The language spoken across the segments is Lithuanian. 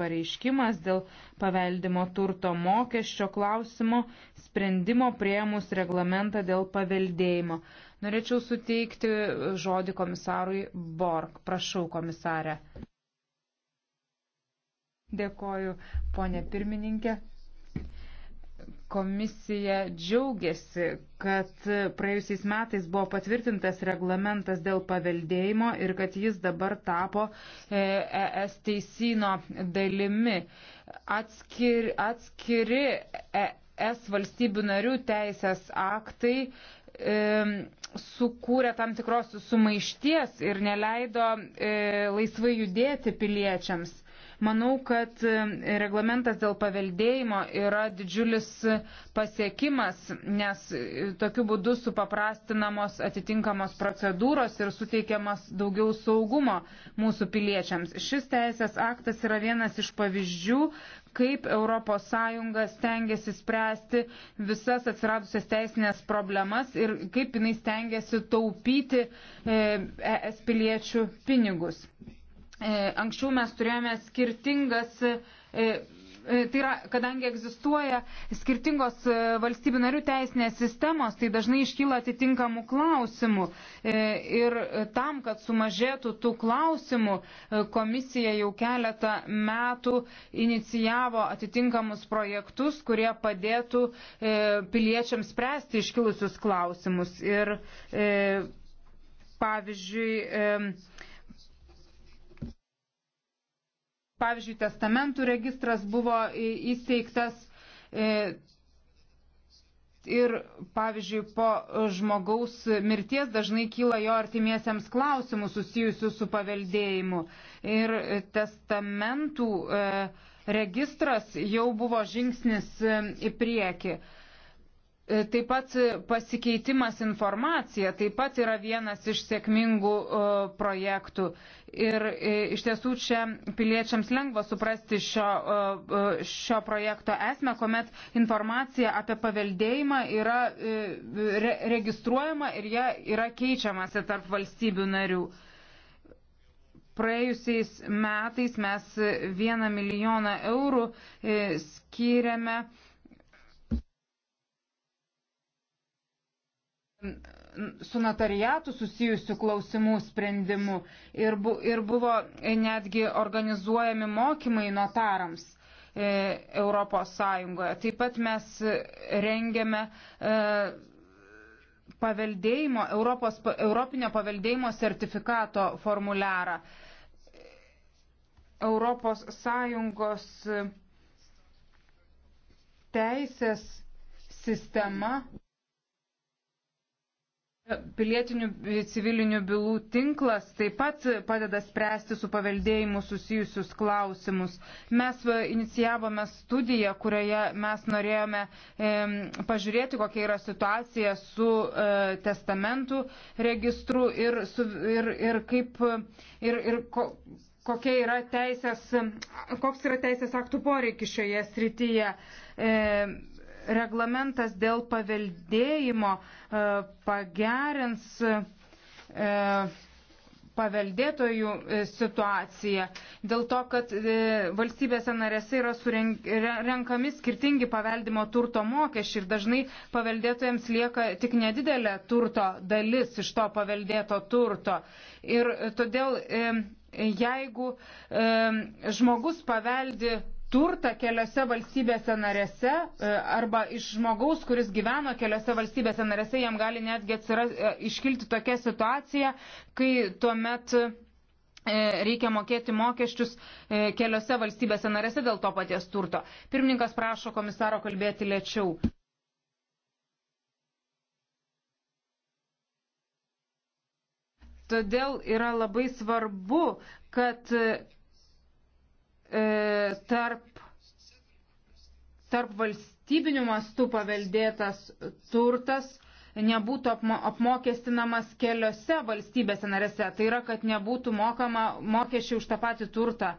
pareiškimas dėl paveldimo turto mokesčio klausimo sprendimo prieimus reglamentą dėl paveldėjimo. Norėčiau suteikti žodį komisarui Borg. Prašau, komisarė. Dėkoju, ponė pirmininkė komisija džiaugiasi, kad praėjusiais metais buvo patvirtintas reglamentas dėl paveldėjimo ir kad jis dabar tapo ES e teisino dalimi. Atskiri, atskiri e ES valstybių narių teisės aktai e, sukūrė tam tikros sumaišties ir neleido e, laisvai judėti piliečiams. Manau, kad e, reglamentas dėl paveldėjimo yra didžiulis pasiekimas, nes e, tokiu būdu supaprastinamos atitinkamos procedūros ir suteikiamas daugiau saugumo mūsų piliečiams. Šis teisės aktas yra vienas iš pavyzdžių, kaip ES stengiasi spręsti visas atsiradusias teisinės problemas ir kaip jinai stengiasi taupyti ES e piliečių pinigus. E, anksčiau mes turėjome skirtingas e, e, tai yra, kadangi egzistuoja skirtingos valstybių narių teisinės sistemos, tai dažnai iškyla atitinkamų klausimų. Ir tam, kad sumažėtų tų klausimų, komisija jau keletą metų inicijavo atitinkamus projektus, kurie padėtų piliečiams spręsti iškilusius klausimus. Ir pavyzdžiui, pavyzdžiui, testamentų registras buvo įsteigtas e, ir, pavyzdžiui, po žmogaus mirties dažnai kyla jo artimiesiems klausimų susijusių su paveldėjimu. Ir testamentų e, registras jau buvo žingsnis e, į priekį. E, taip pat pasikeitimas informacija taip pat yra vienas iš sėkmingų e, projektų. Ir e, iš tiesų čia piliečiams lengva suprasti šio, šio projekto esmę, kuomet informacija apie paveldėjimą yra re, registruojama ir ją yra keičiamasi tarp valstybių narių. Praėjusiais metais mes vieną milijoną eurų skiriame su notariatu susijusių klausimų sprendimu ir, bu, ir buvo netgi organizuojami mokymai notarams. E, Europos Sąjungoje. Taip pat mes rengiame e, paveldėjimo, Europos, Europinio paveldėjimo sertifikato formuliarą. Europos Sąjungos teisės sistema Pilietinių e, civilinių bylų tinklas taip pat padeda spręsti su paveldėjimu susijusius klausimus. Mes e, inicijavome studiją, kurioje mes norėjome e, pažiūrėti, kokia yra situacija su e, testamentų registru ir, su, ir, ir kaip. Ir, ir ko, kokia yra teisės, koks yra teisės aktų poreikis šioje srityje. E, reglamentas dėl paveldėjimo e, pagerins e, paveldėtojų e, situaciją, dėl to, kad valstybėse narėse yra renkami skirtingi paveldimo turto mokesčiai ir dažnai paveldėtojams lieka tik nedidelė turto dalis iš to paveldėto turto. Ir todėl, jeigu žmogus paveldi turtą keliose valstybėse narėse e, arba iš žmogaus, kuris gyveno keliose valstybėse narėse, jam gali netgi atsiras, e, iškilti tokia situacija, kai tuomet e, reikia mokėti mokesčius keliose valstybėse narėse dėl to paties turto. Pirmininkas prašo komisaro kalbėti lėčiau. Todėl yra labai svarbu, kad e, tarp, tarp valstybinių mastų paveldėtas turtas nebūtų apmokestinamas keliose valstybėse narėse. Tai yra, kad nebūtų mokama mokesčiai už tą patį turtą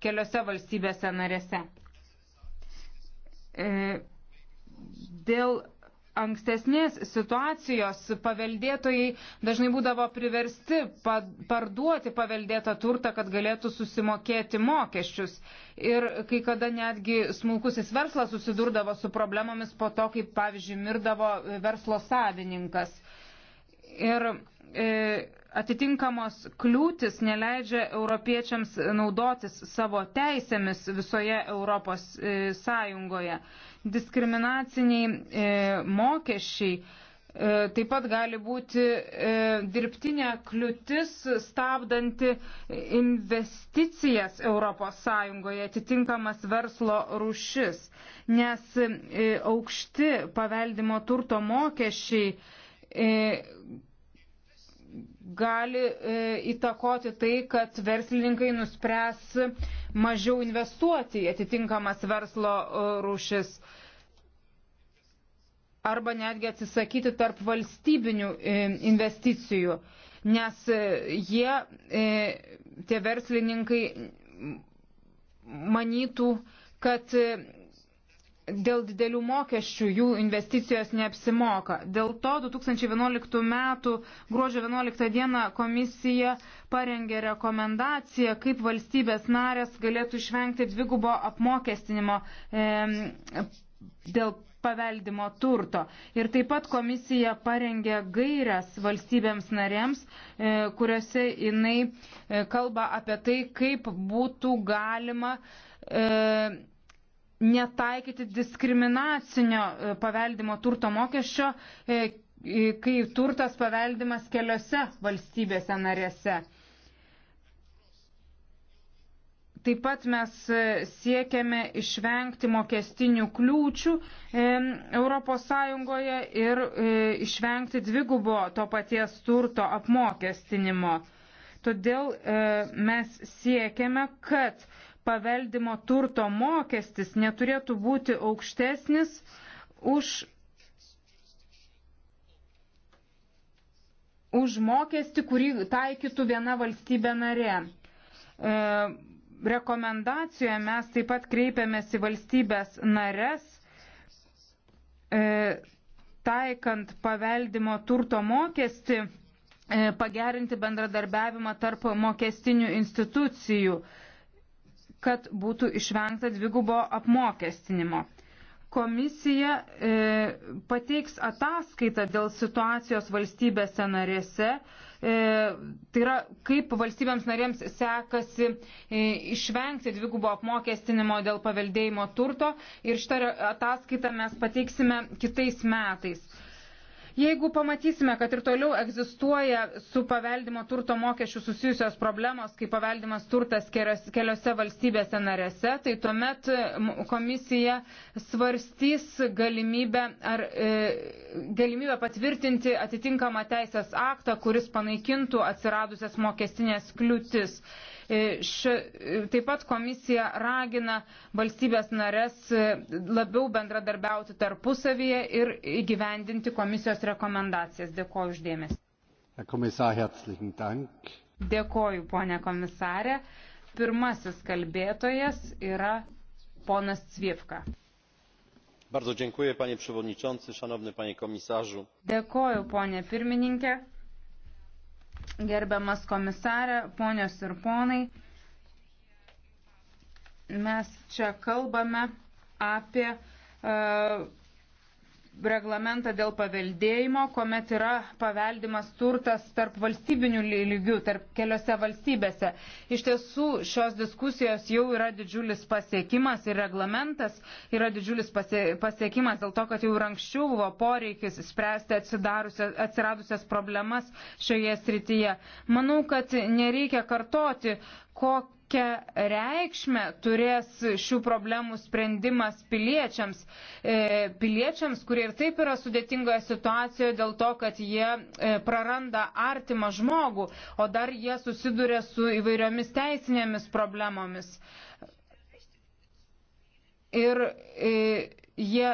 keliose valstybėse narėse. E, dėl ankstesnės situacijos paveldėtojai dažnai būdavo priversti parduoti paveldėtą turtą, kad galėtų susimokėti mokesčius. Ir kai kada netgi smulkusis verslas susidurdavo su problemomis po to, kaip pavyzdžiui mirdavo verslo savininkas. Ir e, atitinkamos kliūtis neleidžia europiečiams naudotis savo teisėmis visoje Europos e, Sąjungoje. E, diskriminaciniai e, mokesčiai e, taip pat gali būti e, dirbtinė kliūtis stabdanti investicijas ES atitinkamas verslo rušis, nes aukšti paveldimo turto mokesčiai gali e, įtakoti tai, kad verslininkai nuspręs mažiau investuoti į atitinkamas verslo e, rūšis arba netgi atsisakyti tarp valstybinių e, investicijų, nes e, jie, e, tie verslininkai, manytų, kad e, dėl didelių mokesčių jų investicijos neapsimoka. Dėl to 2011 m. gruodžio 11 d. komisija parengė rekomendaciją, kaip valstybės narės galėtų išvengti dvigubo apmokestinimo e, dėl paveldimo turto. Ir taip pat komisija parengė gairias valstybėms narėms, e, kuriuose jinai e, kalba apie tai, kaip būtų galima e, netaikyti diskriminacinio e, paveldimo turto mokesčio, e, e, kai turtas paveldimas keliose valstybėse narėse. Taip pat mes siekiame išvengti mokestinių kliūčių ES ir išvengti dvigubo to paties turto apmokestinimo. Todėl mes siekiame, kad paveldimo turto mokestis neturėtų būti aukštesnis už, už mokestį, kurį taikytų viena valstybė narė. E, rekomendacijoje mes taip pat kreipiamės į valstybės nares, e, taikant paveldimo turto mokestį, e, pagerinti bendradarbiavimą tarp mokestinių institucijų. E, kad būtų išvengta dvigubo apmokestinimo. Komisija e, pateiks ataskaitą dėl situacijos valstybėse narėse, e, tai yra kaip valstybėms narėms sekasi e, išvengti dvigubo apmokestinimo dėl paveldėjimo turto ir šitą ataskaitą mes pateiksime kitais metais. Jeigu pamatysime, kad ir toliau egzistuoja su paveldimo turto mokesčių susijusios problemos, kaip paveldimas turtas keliose valstybėse narėse, tai tuomet komisija svarstys galimybę, ar, e, galimybę patvirtinti atitinkamą teisės aktą, kuris panaikintų atsiradusias mokestinės kliūtis. E, Ši, e, taip pat komisija ragina valstybės nares e, labiau bendradarbiauti tarpusavyje ir įgyvendinti komisijos rekomendacijas. Dėkuoju uždėmesi. Dėkuoju, ponė komisarė. Pirmasis kalbėtojas yra ponas Cvivka panie przewodniczący szanowny panie komisarzu! gerbiamas komisarė, ponios ir ponai. Mes čia kalbame apie uh, reglamentą dėl paveldėjimo, kuomet yra paveldimas turtas tarp valstybinių lygių, tarp keliose valstybėse. Iš tiesų šios diskusijos jau yra didžiulis pasiekimas ir reglamentas yra didžiulis pasie, pasiekimas dėl to, kad jau ir anksčiau buvo poreikis spręsti atsiradusias problemas šioje srityje. Manau, kad nereikia kartoti, kokį kokią reikšmę turės šių problemų sprendimas piliečiams, e, piliečiams, kurie ir taip yra sudėtingoje situacijoje dėl to, kad jie e, praranda artimą žmogų, o dar jie susiduria su įvairiomis teisinėmis problemomis. Ir e, jie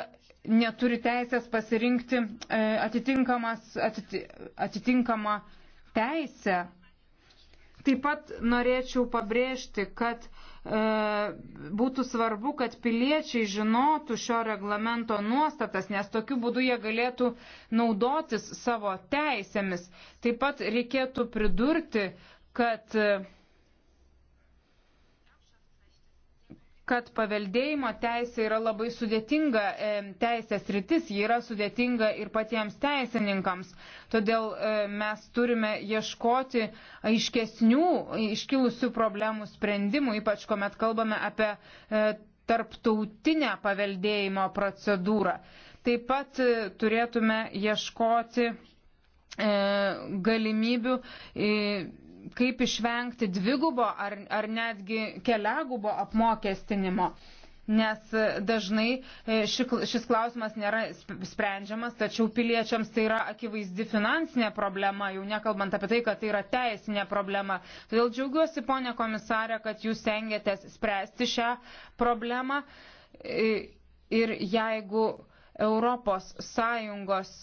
neturi teisės pasirinkti atitinkamą teisę Taip pat norėčiau pabrėžti, kad e, būtų svarbu, kad piliečiai žinotų šio reglamento nuostatas, nes tokiu būdu jie galėtų naudotis savo teisėmis. Taip pat reikėtų pridurti, kad e, kad paveldėjimo teisė yra labai sudėtinga e, teisės rytis, ji yra sudėtinga ir patiems teisininkams. Todėl e, mes turime ieškoti aiškesnių iškilusių problemų sprendimų, ypač kuomet kalbame apie e, tarptautinę paveldėjimo procedūrą. Taip pat e, turėtume ieškoti e, galimybių. E, kaip išvengti dvigubo ar, ar netgi keliagubo apmokestinimo. Nes e, dažnai e, šis klausimas nėra sprendžiamas, tačiau piliečiams tai yra akivaizdi finansinė problema, jau nekalbant apie tai, kad tai yra teisinė problema. Todėl džiaugiuosi, ponė komisarė, kad jūs stengiatės spręsti šią problemą e, ir jeigu Europos Sąjungos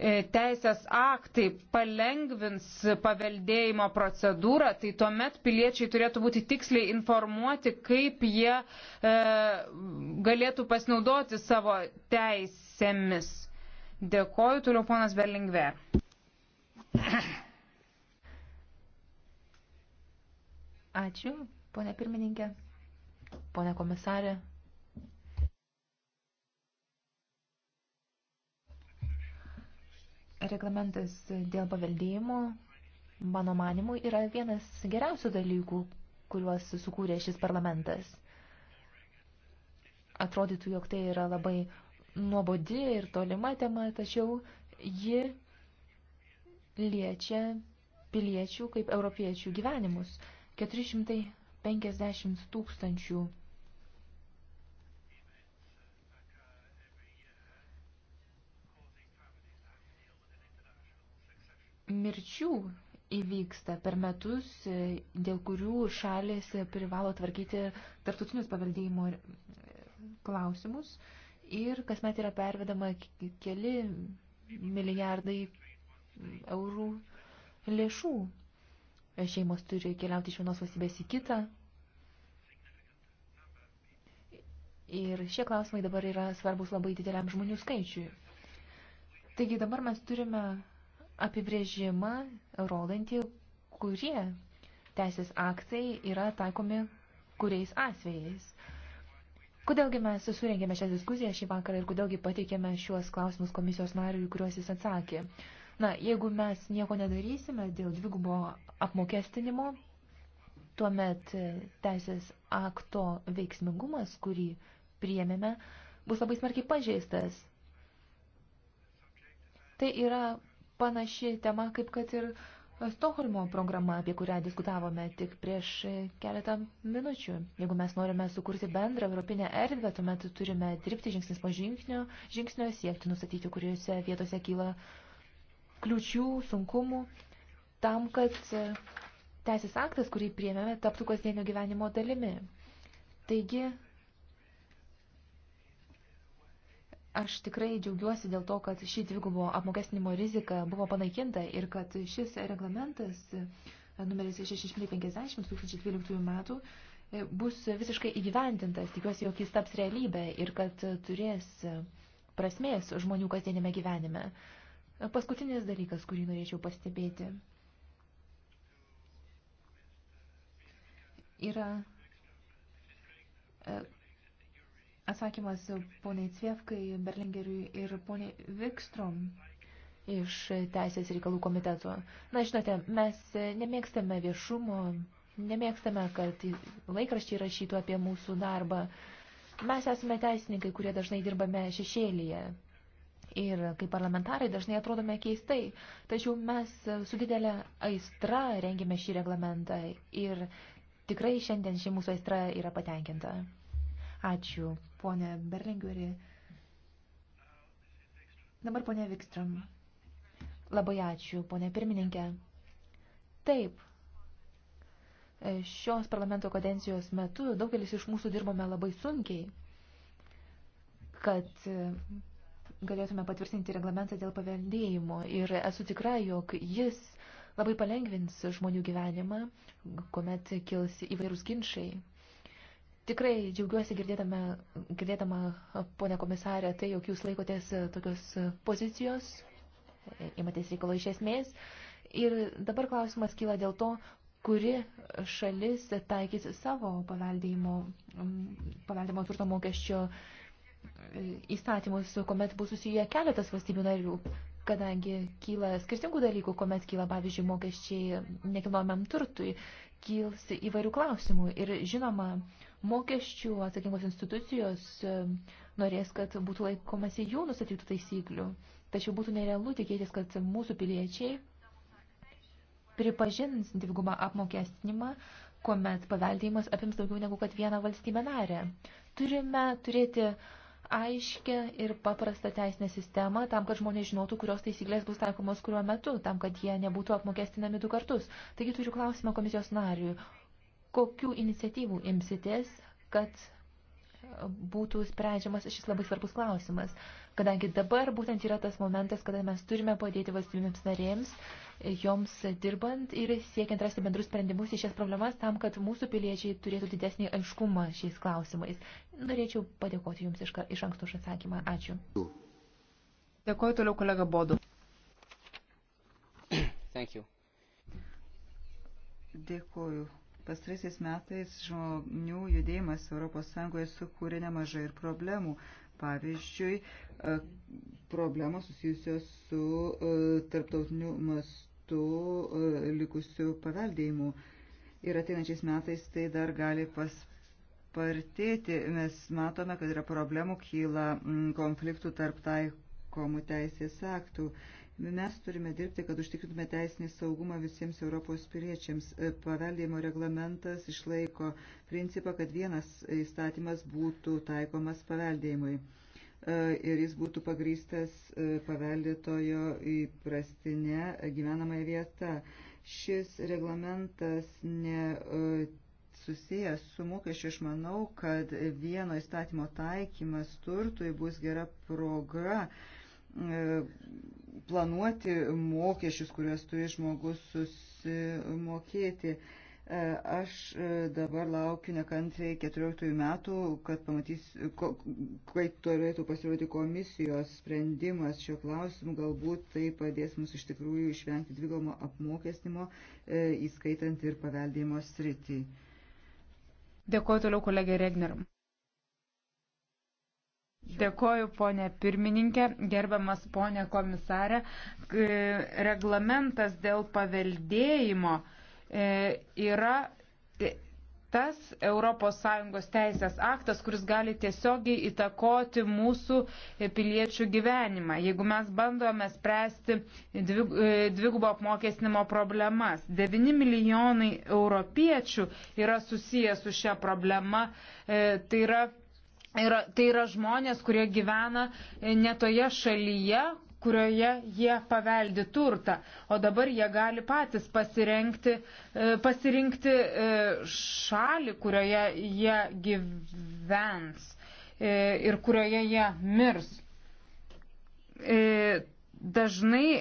E, teisės aktai palengvins paveldėjimo procedūrą, tai tuomet piliečiai turėtų būti tiksliai informuoti, kaip jie e, galėtų pasinaudoti savo teisėmis. Dėkoju, toliau ponas Berlingver. Ačiū, ponė pirmininkė, ponė komisarė, reglamentas dėl paveldėjimo, mano manimu, yra vienas geriausių dalykų, kuriuos sukūrė šis parlamentas. Atrodytų, jog tai yra labai nuobodi ir tolima tema, tačiau ji liečia piliečių kaip europiečių gyvenimus. 450 tūkstančių mirčių įvyksta per metus, dėl kurių šalis privalo tvarkyti tartutinius paveldėjimo klausimus ir kasmet yra pervedama keli milijardai eurų lėšų. Šeimos turi keliauti iš vienos valstybės į kitą. Ir šie klausimai dabar yra svarbus labai dideliam žmonių skaičiui. Taigi dabar mes turime apibrėžimą rodantį, kurie teisės aktai yra taikomi kuriais atvejais. Kodėlgi mes surengėme šią diskusiją šį vakarą ir kodėlgi pateikėme šiuos klausimus komisijos nariui, kuriuos jis atsakė. Na, jeigu mes nieko nedarysime dėl dvigubo apmokestinimo, tuomet teisės akto veiksmingumas, kurį priėmėme, bus labai smarkiai pažeistas. Tai yra panaši tema, kaip kad ir Stoholmo programa, apie kurią diskutavome tik prieš keletą minučių. Jeigu mes norime sukurti bendrą europinę erdvę, tuomet turime dirbti žingsnis po žingsnio, žingsnio siekti nustatyti, kuriuose vietose kyla kliučių, sunkumų, tam, kad teisės aktas, kurį priėmėme, taptų kasdienio gyvenimo dalimi. Taigi, Aš tikrai džiaugiuosi dėl to, kad šį dvigubo apmokestinimo rizika buvo panaikinta ir kad šis reglamentas e, numeris 650 2012 metų e, bus visiškai įgyvendintas. Tikiuosi, jog jis taps realybė ir kad turės prasmės žmonių kasdienėme gyvenime. E, paskutinis dalykas, kurį norėčiau pastebėti, yra Atsakymas poniai Cvievkai, Berlingeriui ir poniai Vikstrom iš Teisės reikalų komiteto. Na, žinote, mes nemėgstame viešumo, nemėgstame, kad laikraščiai rašytų apie mūsų darbą. Mes esame teisininkai, kurie dažnai dirbame šešėlyje. Ir kaip parlamentarai dažnai atrodome keistai, tačiau mes su didelė aistra rengėme šį reglamentą ir tikrai šiandien ši mūsų aistra yra patenkinta. Ačiū, ponė Berlingeri. Dabar ponė Vikstrom. Labai ačiū, ponė pirmininkė. Taip, šios parlamento kadencijos metu daugelis iš mūsų dirbome labai sunkiai, kad galėtume patvirtinti reglamentą dėl paveldėjimo. Ir esu tikra, jog jis labai palengvins žmonių gyvenimą, kuomet kils įvairūs ginčiai. Tikrai džiaugiuosi girdėdama, girdėdama ponę komisarę, tai jog jūs laikotės tokios pozicijos, imatės reikalo iš esmės. Ir dabar klausimas kyla dėl to, kuri šalis taikys savo paveldėjimo, paveldėjimo turto mokesčio e, įstatymus, kuomet bus susiję keletas valstybių narių, kadangi kyla skirtingų dalykų, kuomet kyla, pavyzdžiui, mokesčiai nekilnojamiam turtui, kils įvairių klausimų. Ir žinoma, mokesčių atsakingos institucijos e, norės, kad būtų laikomasi jų nustatytų taisyklių. Tačiau būtų nerealu tikėtis, kad mūsų piliečiai pripažins dvigubą apmokestinimą, kuomet paveldėjimas apims daugiau negu kad vieną valstybę narę. Turime turėti aiškę ir paprastą teisinę sistemą tam, kad žmonės žinotų, kurios taisyklės bus taikomos kuriuo metu, tam, kad jie nebūtų apmokestinami du kartus. Taigi turiu klausimą komisijos nariui kokių iniciatyvų imsitės, kad būtų sprendžiamas šis labai svarbus klausimas, kadangi dabar būtent yra tas momentas, kada mes turime padėti valstybėms narėms, joms dirbant ir siekiant rasti bendrus sprendimus į šias problemas tam, kad mūsų piliečiai turėtų didesnį aiškumą šiais klausimais. Norėčiau padėkoti Jums iš, iš anksto už atsakymą. Ačiū. Dėkuoju toliau kolega Bodu. Thank you. Dėkuoju Pastraisiais metais žmonių judėjimas ES sukūrė nemažai ir problemų. Pavyzdžiui, e, problemos susijusios su e, tarptautiniu mastu e, likusiu paveldėjimu. Ir ateinančiais metais tai dar gali paspartėti. Mes matome, kad yra problemų, kyla konfliktų tarp taikomų teisės aktų. Uh, Mes turime dirbti, kad užtikrintume teisinį saugumą visiems Europos piliečiams. E, paveldėjimo reglamentas išlaiko principą, kad vienas įstatymas būtų taikomas paveldėjimui e, ir jis būtų pagrystas e, paveldėtojo įprastinė gyvenamąją vietą. Šis reglamentas ne susijęs su mokesčiu, aš manau, kad vieno įstatymo taikymas turtui bus gera proga planuoti mokesčius, kuriuos turi žmogus susimokėti. E, aš e, dabar laukiu nekantriai 14 metų, kad pamatys, kaip turėtų pasirodyti komisijos sprendimas šio klausimu, galbūt tai padės mums iš tikrųjų išvengti dvigomo apmokestinimo, e, įskaitant ir paveldėjimo sritį. Dėkuoju toliau kolegė Regneram. Dėkoju, ponė pirmininkė, gerbiamas ponė komisarė. Reglamentas dėl paveldėjimo e, yra e, tas ES teisės aktas, kuris gali tiesiogiai įtakoti mūsų e, piliečių gyvenimą. Jeigu mes bandome spręsti dvigubo apmokestinimo problemas, 9 milijonai europiečių yra susijęs su šia problema, tai yra Ir tai yra žmonės, kurie gyvena e, ne toje šalyje, kurioje jie paveldi turtą, o dabar jie gali patys e, pasirinkti, pasirinkti e, šalį, kurioje jie gyvens ir kurioje jie mirs dažnai e,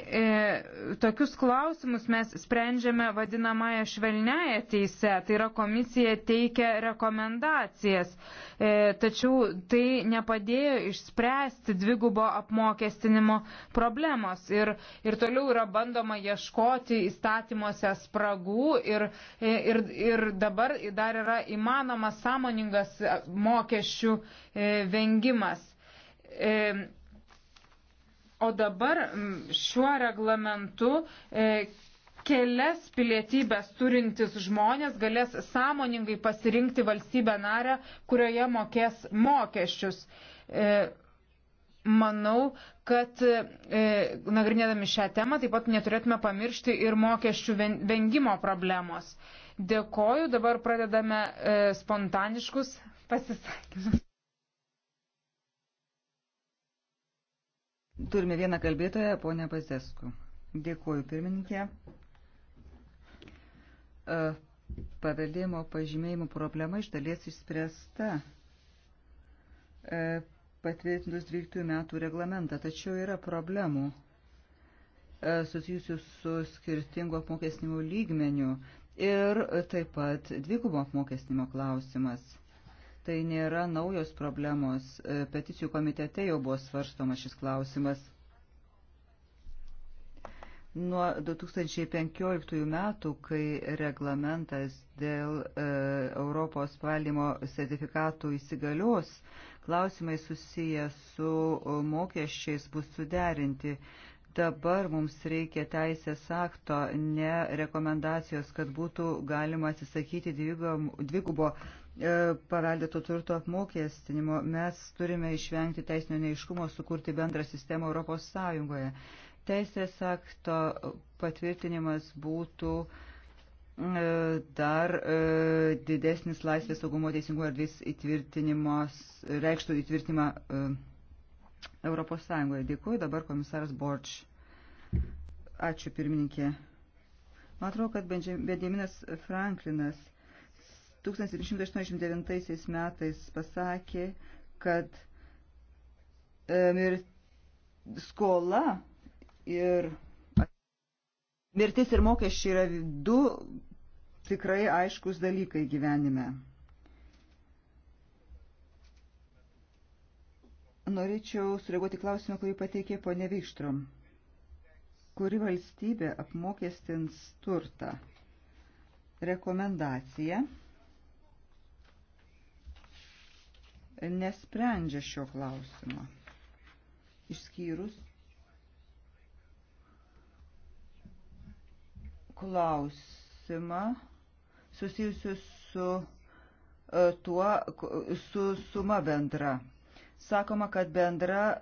tokius klausimus mes sprendžiame vadinamąją švelniają teisę, tai yra komisija teikia rekomendacijas, e, tačiau tai nepadėjo išspręsti dvigubo apmokestinimo problemos ir, ir toliau yra bandoma ieškoti įstatymuose spragų ir, e, ir, ir dabar dar yra įmanomas sąmoningas mokesčių e, vengimas. E, O dabar šiuo reglamentu e, kelias pilietybės turintis žmonės galės sąmoningai pasirinkti valstybę narę, kurioje mokės mokesčius. E, manau, kad e, nagrinėdami šią temą taip pat neturėtume pamiršti ir mokesčių vengimo problemos. Dėkoju, dabar pradedame e, spontaniškus pasisakymus. Turime vieną kalbėtoją, ponę Bazesku. Dėkuoju, pirmininkė. E, Paveldėjimo pažymėjimų problema iš dalies išspręsta e, patvirtintus 12 metų reglamentą, tačiau yra problemų e, susijusių su skirtingu apmokesnimo lygmeniu ir taip pat dvigubo apmokesnimo klausimas tai nėra naujos problemos. E, peticijų komitete jau buvo svarstoma šis klausimas. Nuo 2015 metų, kai reglamentas dėl e, Europos valdymo sertifikatų įsigalios, klausimai susiję su mokesčiais bus suderinti. Dabar mums reikia teisės akto, ne rekomendacijos, kad būtų galima atsisakyti dvigubo E, paveldėto turto apmokestinimo. Mes turime išvengti teisinio neiškumo, sukurti bendrą sistemą Europos Sąjungoje. Teisės akto patvirtinimas būtų e, dar e, didesnis laisvės saugumo teisingumo erdvės įtvirtinimas, reikštų įtvirtinimą Europos Sąjungoje. Dėkuoju dabar komisaras Borč. Ačiū pirmininkė. Man atrodo, kad Benjaminas Franklinas 1789 metais pasakė, kad e, mir, skola ir mirtis ir mokesčiai yra du tikrai aiškus dalykai gyvenime. Norėčiau sureaguoti klausimą, kurį pateikė ponė Vikštrom. Kuri valstybė apmokestins turtą? Rekomendacija nesprendžia šio klausimo. Išskyrus klausimą susijusiu su e, tuo, su suma bendra. Sakoma, kad bendra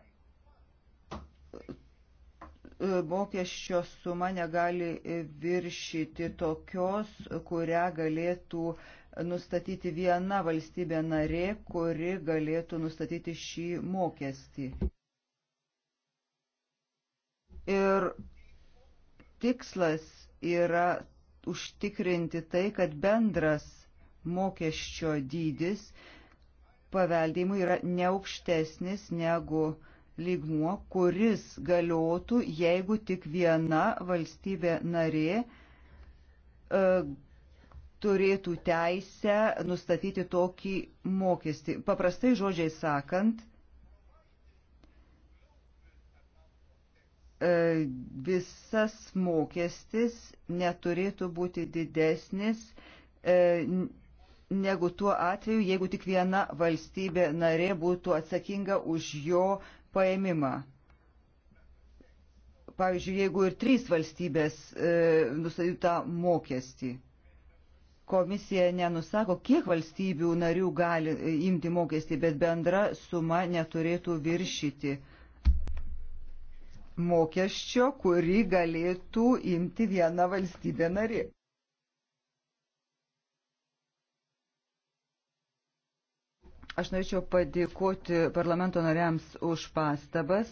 e, mokesčio suma negali viršyti tokios, kurią galėtų nustatyti viena valstybė narė, kuri galėtų nustatyti šį mokestį. Ir tikslas yra užtikrinti tai, kad bendras mokesčio dydis paveldėjimui yra neaukštesnis negu lygmuo, kuris galiotų, jeigu tik viena valstybė narė e, turėtų teisę nustatyti tokį mokestį. Paprastai žodžiai sakant, e, visas mokestis neturėtų būti didesnis e, negu tuo atveju, jeigu tik viena valstybė narė būtų atsakinga už jo paėmimą. Pavyzdžiui, jeigu ir trys valstybės e, nustatytą mokestį komisija nenusako, kiek valstybių narių gali e, imti mokestį, bet bendra suma neturėtų viršyti mokesčio, kurį galėtų imti viena valstybė nari. Aš norėčiau padėkoti parlamento nariams už pastabas.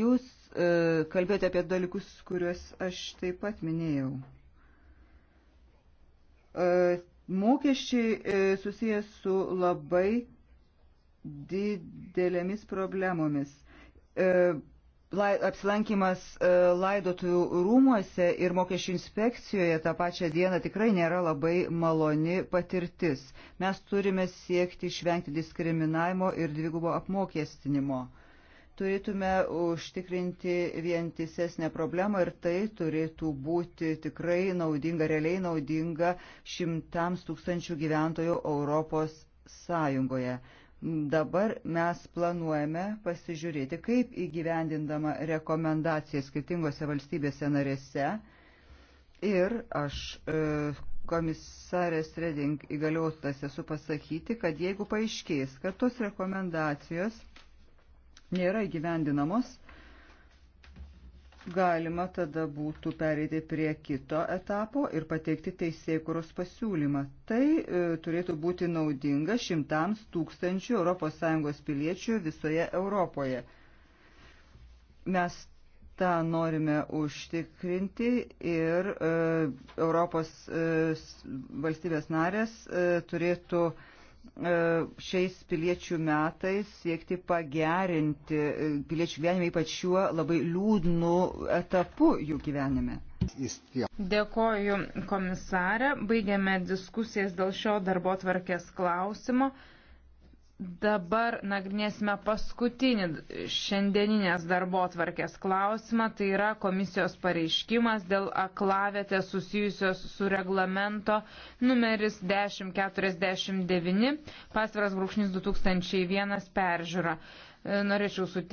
Jūs e, kalbėjote apie dalykus, kuriuos aš taip pat minėjau. E, mokesčiai e, susijęs su labai didelėmis problemomis. E, apsilankimas laidotojų rūmuose ir mokesčių inspekcijoje tą pačią dieną tikrai nėra labai maloni patirtis. Mes turime siekti išvengti diskriminavimo ir dvigubo apmokestinimo turėtume užtikrinti vientisesnę problemą ir tai turėtų būti tikrai naudinga, realiai naudinga šimtams tūkstančių gyventojų Europos Sąjungoje. Dabar mes planuojame pasižiūrėti, kaip įgyvendindama rekomendacijas skirtingose valstybėse narėse ir aš e, komisarės Reding įgaliotas esu pasakyti, kad jeigu paaiškės, kad tos rekomendacijos nėra įgyvendinamos, galima tada būtų pereiti prie kito etapo ir pateikti teisėkuros pasiūlymą. Tai e, turėtų būti naudinga šimtams tūkstančių ES piliečių visoje Europoje. Mes tą norime užtikrinti ir e, Europos e, valstybės narės e, turėtų e, E, šiais piliečių metais siekti pagerinti e, piliečių gyvenimą, ypač šiuo labai liūdnu etapu jų gyvenime. Dėkoju komisarė. Baigėme diskusijas dėl šio darbo tvarkės klausimo. Dabar nagrinėsime paskutinį šiandieninės darbo atvarkės klausimą, tai yra komisijos pareiškimas dėl aklavėte susijusios su reglamento numeris 1049, pasviras brūkšnis 2001 peržiūra. E, norėčiau sutikti.